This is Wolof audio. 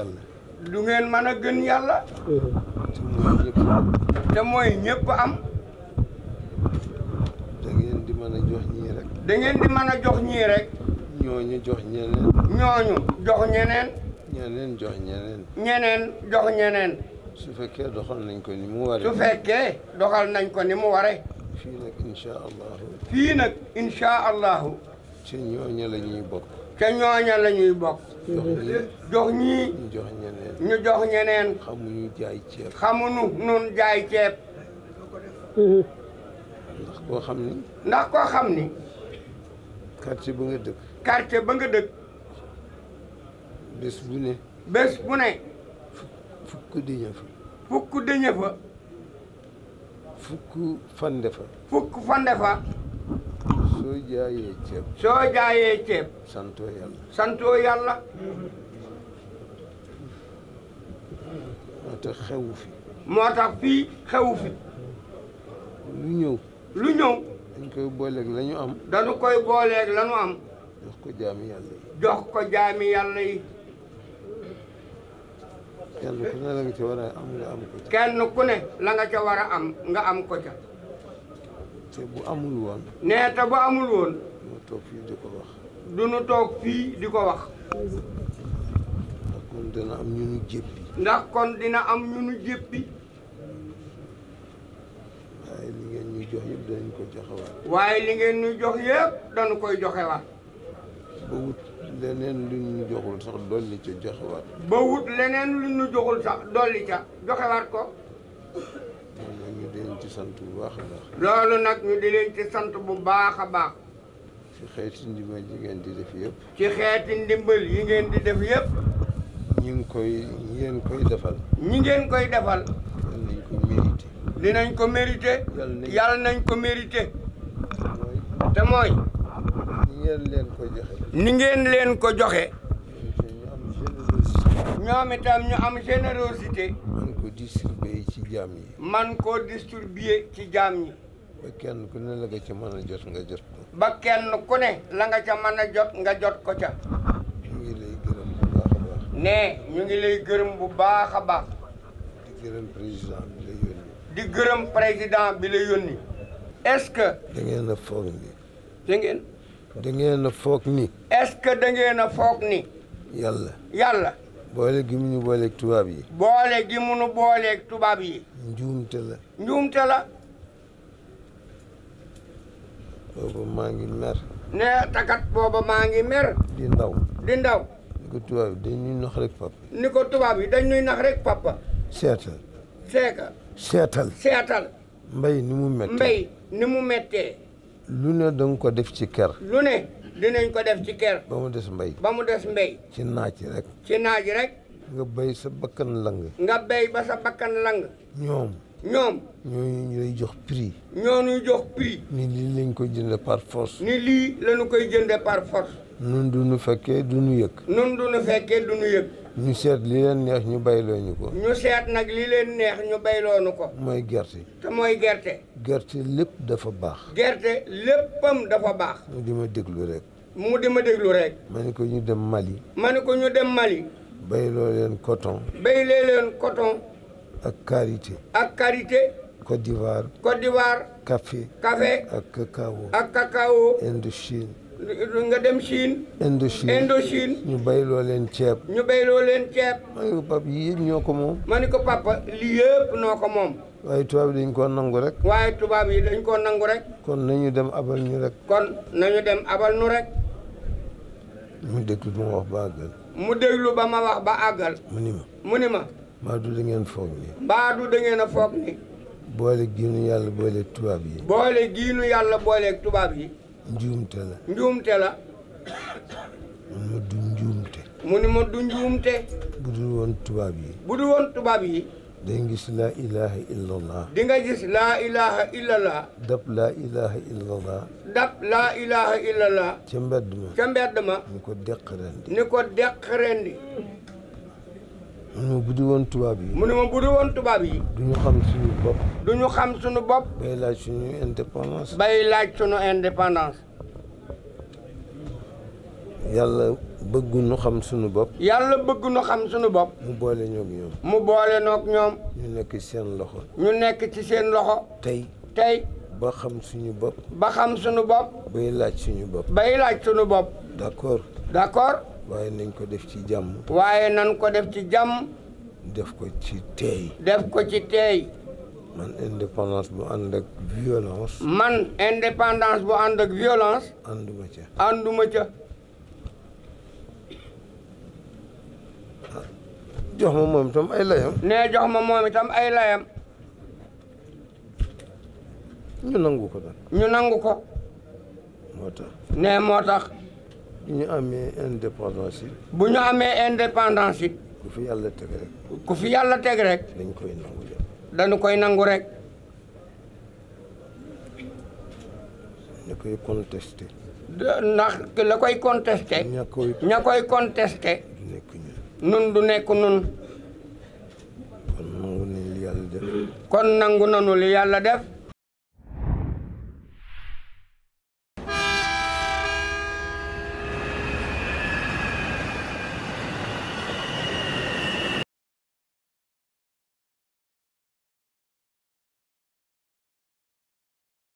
yàlla. lu ngeen mën a gën yàlla. te mooy ñëpp am. da di mën a jox ñii rek. da di mën a jox ñii rek. ñooñu jox ñeneen. ñooñu jox ñeneen. ñeneen jox ñeneen. ñeneen jox ñeneen. su fekkee doxal nañ ko ni mu waree. doxal nañ ko ni mu waree. fii nag incha allahu. fii nag incha ci ñooñu la bokk. te ñooña la bokk. jox ñi ñu jox ñeneen. xamuñu jaay ceeb. xamuñu nun jaay ceeb. ndax koo xam ni. ndax koo xam ni. quartier ba nga dëkk. quartier ba nga dëkk. bés bu ne. bés bu ne. fukk dëñë fa. fukk dëñë fukk fande fukk fande soo jaayee ceeb. soo jaayee ceeb. santoo yàlla. santoo yàlla. moo tax xewu fi. moo tax fii xewu fi. lu ñëw. lu ñëw. dañ koy booleeg la am. dañu koy booleeg la am. jox ko jaami yàlla yi. jox ko jaami yàlla yi. kenn ku ne la nga war a am la nga ca war a am nga am ko ca. te bu amul woon. nee te bu amul woon. du nu toog fii di ko wax. du nu toog fii di ko wax. ndax kon dina am ñu nu jéppi. ndax kon dina am ñu nu jéppi. waaye li ngeen ñu jox yëpp danañ ko joxewaat. waaye li ngeen ñu jox yëpp dañu koy joxewaat. ba wut leneen lu ñu joxul sax dolli ca joxewaat. ba wut leneen lu ñu joxul sax dolli ca joxewaat ko. loolu nag ñu di leen ci sant bu baax a baax. loolu nag di leen ci sant bu baax a baax. ci xeeti ndimbal yi ngeen di def yëpp. ci xeeti ndimbal yi ngeen di def yëpp. ñi koy ngeen koy defal. ñi ngeen koy defal. dinañ ko mérité. dinañ ko mérité. yàlla nañ ko mérité. te mooy. ni ngeen leen ko joxe. ni ngeen leen ko joxe. ñoom itam ñu am générosité. man ko distribuer ci jaam yi. man ko distribuer ci jaam yi. ba kenn ku ne la nga ca a jot nga jot ko. ba kenn ku ne la nga ca mën a jot nga jot ko ca. ñu ngi lay gërëm bu baax a baax. nee ñu ngi lay gërëm bu di gërëm président bi la yónni. di gërëm président bi la yónni. est-ce que. da ngeen a foog ni. da est-ce que da ngeen a foog ni. yàlla. yàlla. boole gi mu ñu tubaab yi. boole gi mu ñu tubaab yi. njuumte la. njuumte la. booba maa ngi mer. ne takat booba maa ngi mer. di ndaw di ndaw. ni ko tubaab yi dañuy nax rek papa. ni ko tubaab yi dañuy nax rek papa. seetal. seeka. seetal. seetal. mbay ni mu méttee mbay ni mu méttee. lu ne danga ko def ci kër. lu ne. dinañ ko def ci ker. ba mu des mbéy. ba mu des mbéy. ci naaj rek. ci naaj rek. nga béy sa bakkan lang. nga béy ba sa bakkan lang. ñoom. ñoom. ñooñu ñu lay jox ñoo ñooñu jox prix. ni lii lañ koy jëndee par force. ni lii lañu koy jëndee par force. nun du nu fekkee du nu yëg. nun du nu fekkee du nu yëg. ñu seet li leen neex ñu bayloo ñu ko. ñu seet nag li leen neex ñu bayloo ñu ko. mooy gerte. te mooy gerte. gerte lépp dafa baax. gerte léppam dafa baax. mu di ma déglu rek. mu di ma déglu rek. ma ne ko ñu dem Mali. ma ne ko ñu dem Mali. bayloo leen coton. baylee leen ak karité. ak karité. Côte d'Ivoire. Côte d'Ivoire. café. café ak cacao. Indochine. nga dem Chine. Indochine Indochine. ñu bayloo leen ceeb. ñu bayloo leen ceeb. ma ne ko papa yii yëpp ñoo ko moom. ma ne ko papa lii yëpp noo ko moom. waaye tubaab yi dañ koo nangu rek. waaye tubaab yi dañ koo nangu rek. kon nañu dem abal ñu rek. kon nañu dem abal ñu rek. mu déglu ba ma wax ba àggal. mu déglu ba ma wax ba àggal. mu ni ma mu ni ma. mbaadu da ngeen foog ni. mbaadu da ngeen a foog ni. boole giinu yàlla boole tubaab yi. giinu yàlla boole tubaab yi. njuumte la. njuumte la. mu ne ma du njuumte. mu ne ma du njuumte. bu dul woon tubaab yi. bu dul woon tubaab yi. dañ gis laa ilaha illallah. di nga gis laa ilaha illallah. dab laa ilaha illallah. dab ma. ca ma. ni ko deq rendi. ni ko deq mu ne ma buddi woon tubaab yi. mu ne ma buddi woon tubaab yi. du ñu xam suñu bopp. du ñu xam suñu bopp. bay laaj suñu indépendance. bay yàlla bëgg nu xam suñu bopp. yàlla bëgg nu xam suñu bopp. mu boole ñoog ñoom. mu boole ñoog ñoom. ñu nekk ci seen loxo. ñu nekk ci seen loxo. tey tey. ba xam suñu bopp. ba xam suñu bopp. bay laaj suñu bopp. bay laaj suñu bopp. d'accord. d'accord. waaye nañ ko def ci jàmm. waaye nañ ko def ci jàmm. def ko ci teey. def ko ci teey. man indépendance bu ànd ak violence. man indépendance bu ànd ak violence. ànduma ca. ànduma ca. jox ma moom itam ay layam. nee jox ma moom itam ay layam. ñu nangu ko nag. ñu nangu ko. moo moo tax. bu ñu amee indépendance bu ñu amee indépendance it. ku fi yàlla teg rek. ku fi yàlla teg rek. dañ koy nangu rek. dañu koy nangu rek. ña koy contesté. ndax la koy contesté. ña ña koy contesté. du nekk nun du nekk nun kon nangu nañu li yàlla def.